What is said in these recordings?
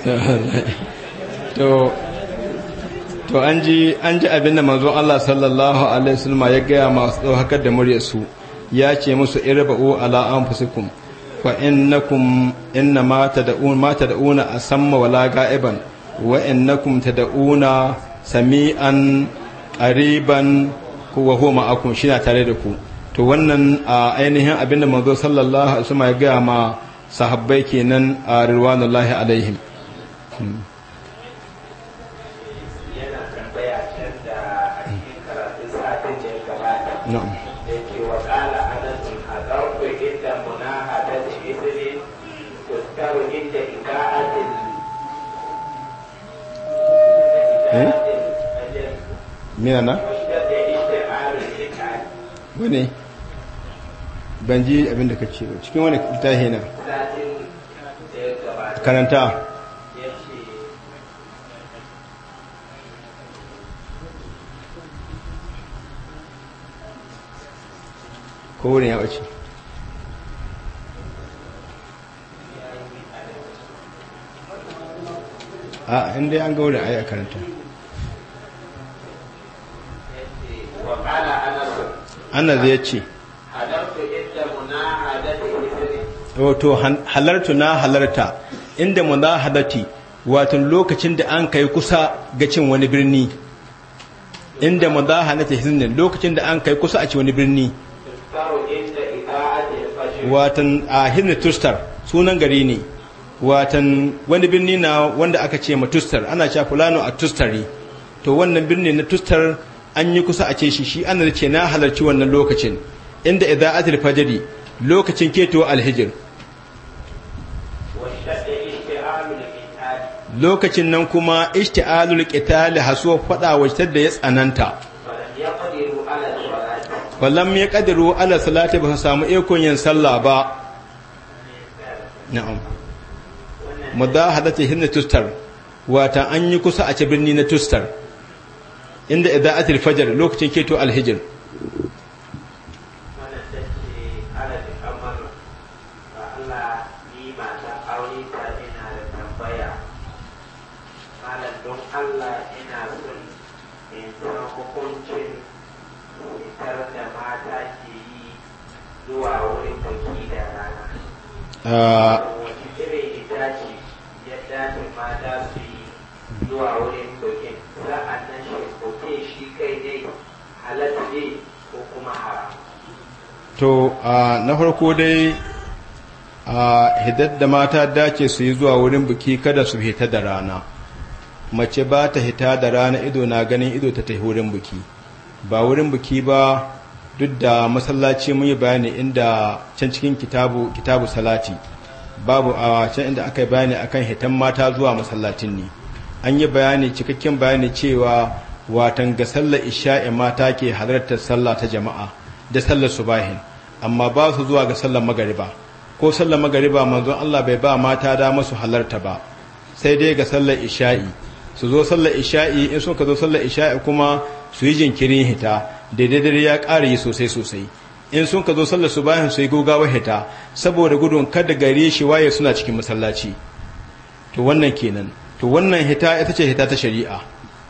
to to an ji an ji abin da manzon Allah sallallahu alaihi wasallam ya gaya masu daukar da murya su ya ce musu irba'u ala anfusikum fa innakum inna ma tad'un ma tad'una asamma wala ga'iban wa innakum tad'una sami'an qariban wa huwa ma'akum shi na tare da ku to wannan a ainihin abin da manzo sallallahu alaihi wasallam ya gaya ma sahabbai kenan a rirwanullahi alaihim Hmm. yana tambaya can da a karatun satin da ya gabata da ke a ƙarfe inda muna shi inda eh? mina na? wani ban ji abinda ka ce cikin wani karanta ko wurin ya ɓace a inda an ga wurin ayi a karanta annabi ya ce wato oh, halarta na halarta inda mu na halarti wato lokacin da an kai kusa ga cin wani birni inda mu za halatta hizinin lokacin da an kai kusa a ci wani birni watan a hinna tustar sunan gari ne watan wani birni na wanda aka ce ma tustar ana cewa fulano a tustari to wannan birni na tustar an yi kusa a ce shi shi ana ce na halarci wannan lokacin inda idza'atul fajri lokacin keto alhijir lokacin nan kuma ishti'alul qital hasuwa fada wajtar da ya tsananta wallan ya kadiru ala salati ba samu ikon yin sallah ba na'am mudahadati hinna tustar wata an yi kusa a ci birni na tustar inda ida'atul fajr lokacin keto alhijr to na farko dai a hidar da mata dace su yi zuwa wurin biki kada su hita da rana mace ba ta hita da rana ido na ganin ido ta tafi wurin biki ba wurin biki ba duk da masallaci mun yi bayani inda can cikin kitabu kitabu salati babu a can inda aka yi bayani akan hitan mata zuwa masallacin ne an yi bayani cikakken bayani cewa watan ga sallar isha'i mata ke halartar sallah ta jama'a da sallar su bahin, amma ba su zuwa ga sallar magariba ko sallar magariba manzon Allah bai ba mata da masu halarta ba sai dai ga sallar isha'i su zo sallar isha'i in suka zo sallar isha'i kuma su yi jinkirin hita daidai dare ya ƙara yi sosai sosai in sun ka zo sallar su bayan su yi gogawa hita saboda gudun kada gare shi waye suna cikin masallaci to wannan kenan to wannan hita ita ce hita ta shari'a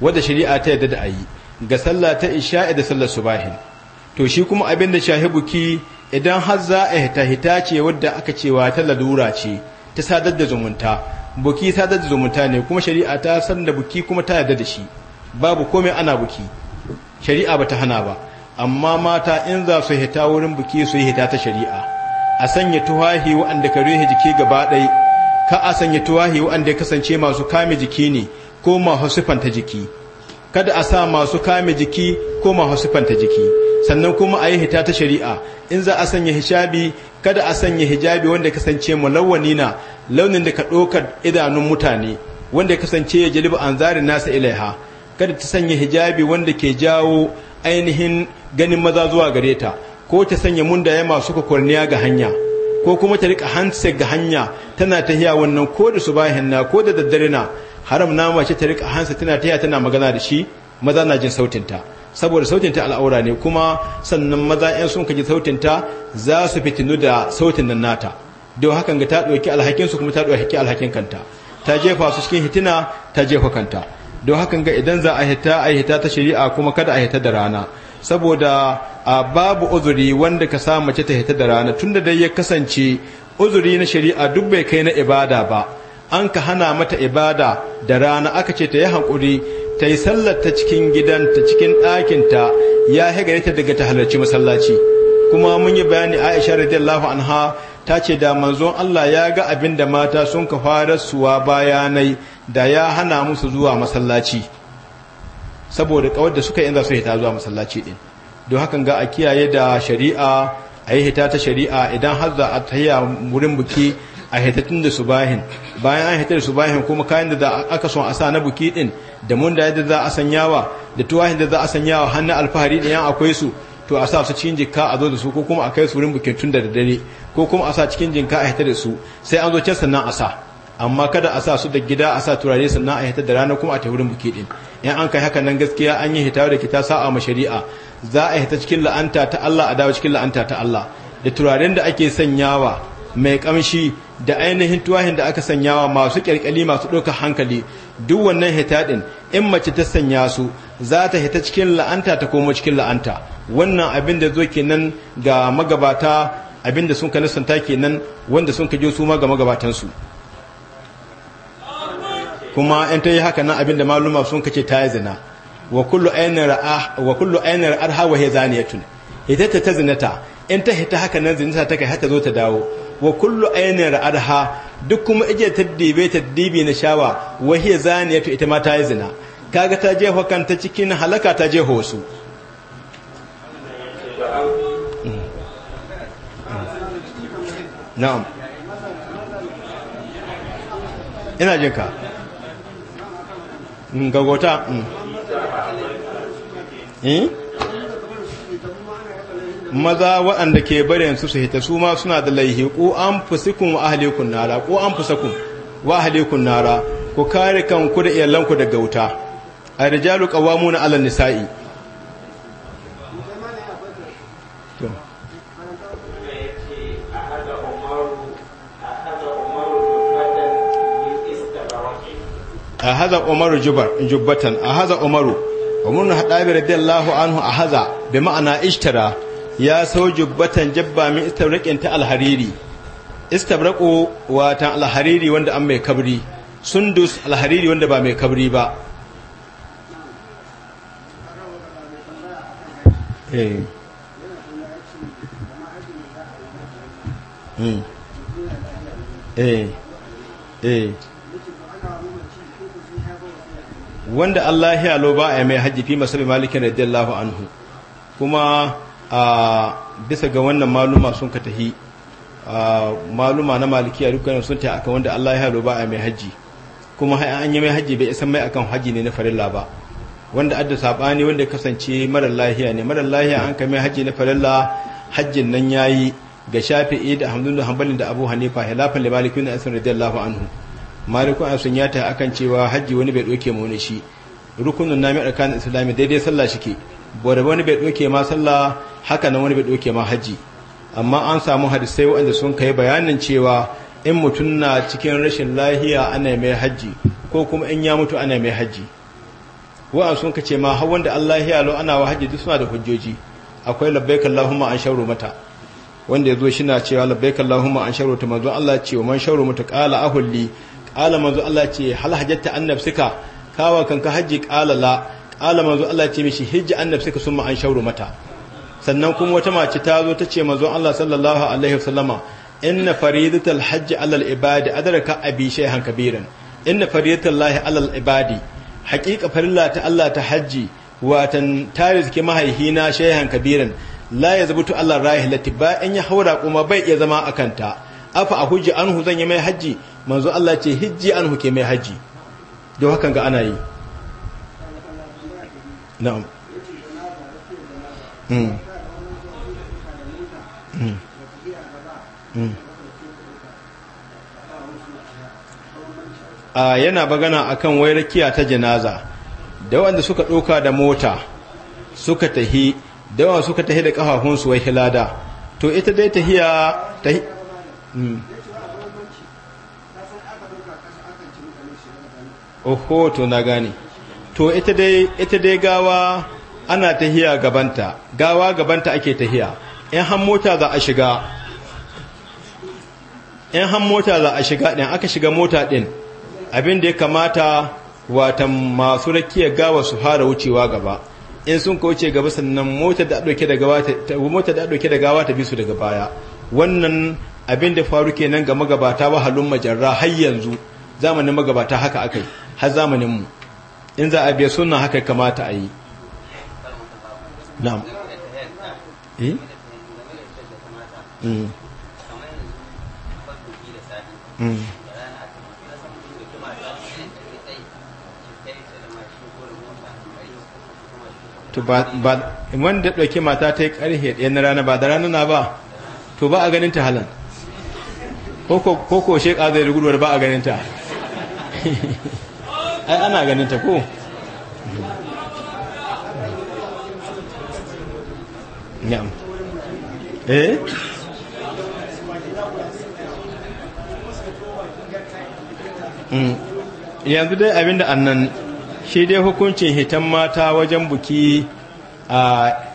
wadda shari'a ta yadda da ayi ga sallah ta isha'i da sallar su bayan to shi kuma abin da buki idan har za a hita hita ce wadda aka cewa ta lalura ce ta sadar da zumunta buki sadar da zumunta ne kuma shari'a ta san da buki kuma ta yarda da shi babu komai ana buki shari'a ba ta hana ba amma mata in za su hita wurin buki su yi hita ta shari'a a sanya tuwahi waɗanda ka rehe jiki gaba ɗai ka a sanya tuwahi waɗanda ya kasance masu kame jiki ne ko masu sifanta jiki kada a sa masu kame jiki ko masu sifanta jiki sannan kuma a yi hita ta shari'a in za a sanya hijabi kada a sanya hijabi wanda kasance mulawwani na launin da ka ɗaukar idanun mutane wanda kasance ya jalibu an zari nasa ilaiha kada ta sanya hijabi wanda ke jawo ainihin ganin maza zuwa gare ta ko ta sanya mundaya masu kwakwarniya ga hanya ko kuma ta rika handset ga hanya tana tahiya wannan ko da su bayan na ko da daddare na haram na mace ta rika handset tana tahiya tana magana da shi maza na jin sautinta saboda sautinta al'aura ne kuma sannan maza yan sun kaji sautinta za su fitinu da sautin nan nata don hakan ga ta ɗauki alhakinsu kuma ta ɗauki alhakin kanta ta jefa su cikin hitina ta jefa kanta don hakan ga idan za a hita a hita ta shari'a kuma kada a hita da rana saboda a babu uzuri wanda ka sa mace ta hita da rana tunda dai ya kasance uzuri na shari'a duk bai kai na ibada ba an ka hana mata ibada da rana aka ce ta yi hankuri ta yi sallar ta cikin gidanta cikin ɗakinta ya hegare daga ta halarci masallaci kuma mun yi bayani aisha radiyallahu anha ta ce da manzon Allah ya ga abin da mata sun ka fara suwa bayanai da ya hana musu zuwa masallaci saboda kawar da suka yi za su hita zuwa masallaci din don hakan ga a kiyaye da shari'a a yi hita ta shari'a idan har za a tahiya wurin buki a hitattun da su bayan an hita da su bayan kuma kayan da aka son a sa na buki din da mun da yadda za a sanyawa da tuwahin da za a sanyawa hannun alfahari 'yan akwai su to a sa su cikin jinka a zo da su ko kuma a kai su wurin bukin tun da dare ko kuma a sa cikin jinka a hita da su sai an zo can sannan a sa amma kada a sa su da gida a sa turare sannan a hita da rana kuma a ta wurin buki din in an kai haka nan gaskiya an yi hita da kita sa'a ma shari'a za a hita cikin la'anta ta Allah a dawo cikin la'anta ta Allah da turaren da ake sanyawa mai kamshi da ainihin tuwahin da aka sanyawa masu kyalkyali masu ɗaukar hankali duk wannan hita din in mace ta sanya su za ta hita cikin la'anta ta komo cikin la'anta wannan abin da zo kenan ga magabata abin da sun ka nisanta kenan wanda sun ka je su ma ga magabatansu kuma in ta yi haka nan abin da maluma sun ka ce ta yi zina wa kullu ainihin arha wa ya tun? ita ta zinata in ta hita haka nan zinata ta kai haka zo ta dawo wa kullu ainihin arha duk kuma ije ta dibe ta dibe na shawa ya zaniyatu ita ma ta yi zina kaga ta jefa kanta cikin halaka ta jefa wasu na'am ina jin ka mm, gagota mm. eh? maza waɗanda ke barin su su hita su ma suna da laihi ko an fusikun wa ahalikun nara ko an fusakun wa ahalikun nara ku kare kanku da iyalanku daga wuta a rijalu na alal nisa'i a haza umaru jubbatan a haza umaru umarnu haɗabi radiyallahu anhu a haza bi ma'ana ishtara ya so jubbatan jabba min istabraƙin ta alhariri istabraƙo watan alhariri wanda an mai kabri sundus alhariri wanda ba mai kabri ba eh hmm. eh eh wanda Allah ya lo ba a mai hajji fi masabi malikin radiyallahu anhu kuma a bisa ga wannan maluma sun ka tahi maluma na malikiya dukkanin sun ta akan wanda Allah ya lo ba a mai hajji kuma an yi mai hajji bai isan mai akan hajji ne na farilla ba wanda adda sabani wanda kasance marar lahiya ne marar lahiya an kai mai haji na farilla hajjin nan yayi ga shafi'i da hamdun da hanbalin da abu hanifa hilafan da malikun da asirin radiyallahu anhu malikun an sun yata akan cewa hajji wani bai doke mu wani shi rukunin nami arkan islami daidai sallah shike bore wani bai doke ma sallah haka na wani bai doke ma hajji amma an samu hadisai waɗanda sun kai bayanin cewa in mutum na cikin rashin lahiya ana mai hajji ko kuma in ya mutu ana mai hajji wa'an sun kace ma har wanda Allah ya lo ana wa hajji duk suna da hujjoji akwai labbaik Allahumma an sharu mata wanda yazo shi na cewa labbaik Allahumma an sharu ta manzo Allah ce wa man sharu mata qala ahulli qala manzo Allah ce hal hajjatta an nafsika kawa ka haji qala la qala manzo Allah ce mishi hijji an nafsika summa an shauru mata sannan kuma wata mace ta zo ta ce manzo Allah sallallahu alaihi wasallama inna faridatal hajji alal ibadi adraka abi shayhan kabiran inna faridatal lahi alal ibadi haqiqa farilla ta Allah ta haji watan taris ke mahaihina shayhan kabiran la yazbutu Allah rahilati ba in ya haura kuma bai iya zama akanta afa a hujji anhu zan yi mai hajji manzo Allah ce hijji anhu ke mai hajji don hakan ga ana yi na'am mm mm mm a yana bagana akan wai rakiya ta janaza da wanda suka ɗauka da mota suka tahi da wanda suka tahi da ƙafafunsu wai hilada to ita dai tahiya Mm. oho to na gane to ita dai gawa ana tahiya gabanta gawa gabanta ake tahiya in han mota za a shiga in han mota za a shiga din aka shiga mota din abin da ya kamata watan masu rakiyar gawa su fara wucewa gaba in sun ka wuce gaba sannan mota da ɗauke da gawa ta bi su daga baya wannan abin da faru kenan ga magabata wahalun majarra har yanzu zamanin magabata haka akai har zamanin mu in za a biya sunan haka kamata a yi eh? mm. Mm. wanda ɗauki mata ta yi ƙarhe ɗaya na rana ba da rana na ba to ba a ganin ta halar ko ko sheka zai da ba a ganin ta ai ana ganin ta ko na'am eh mm. yanzu dai abinda annan shi dai hukuncin hitan mata wajen buki a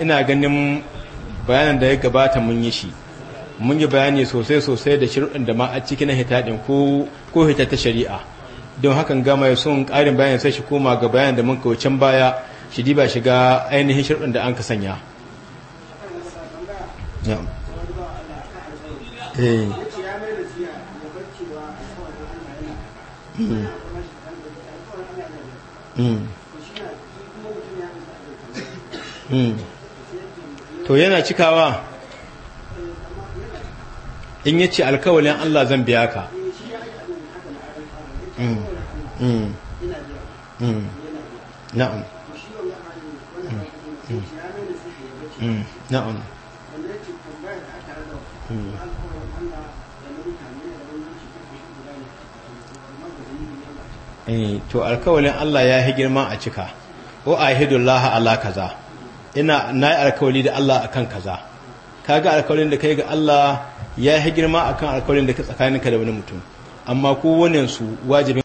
ina ganin bayanan da ya gabata mun yi shi mun yi bayani sosai sosai da shirin da ma a cikin hita ɗin ko hita ta shari'a don hakan gama ya sun ƙarin bayan sai shi koma ga bayan da mun kawacin baya shi diba shiga ainihin shirin da an ka sanya eh. hmm. Hmm. Hmm. to yana cikawa in ya ce alkawalin Allah zan biya ka mm. Mm. Mm. na'am na'am eh, to alkawalin Allah ya yi girma a cika o ahidullah ala kaza ina na yi alkawali da Allah akan kaza kaga alkawalin da kai ga Allah ya yi girma akan alkawarin da ka tsakaninka da wani mutum amma kowane su wajibin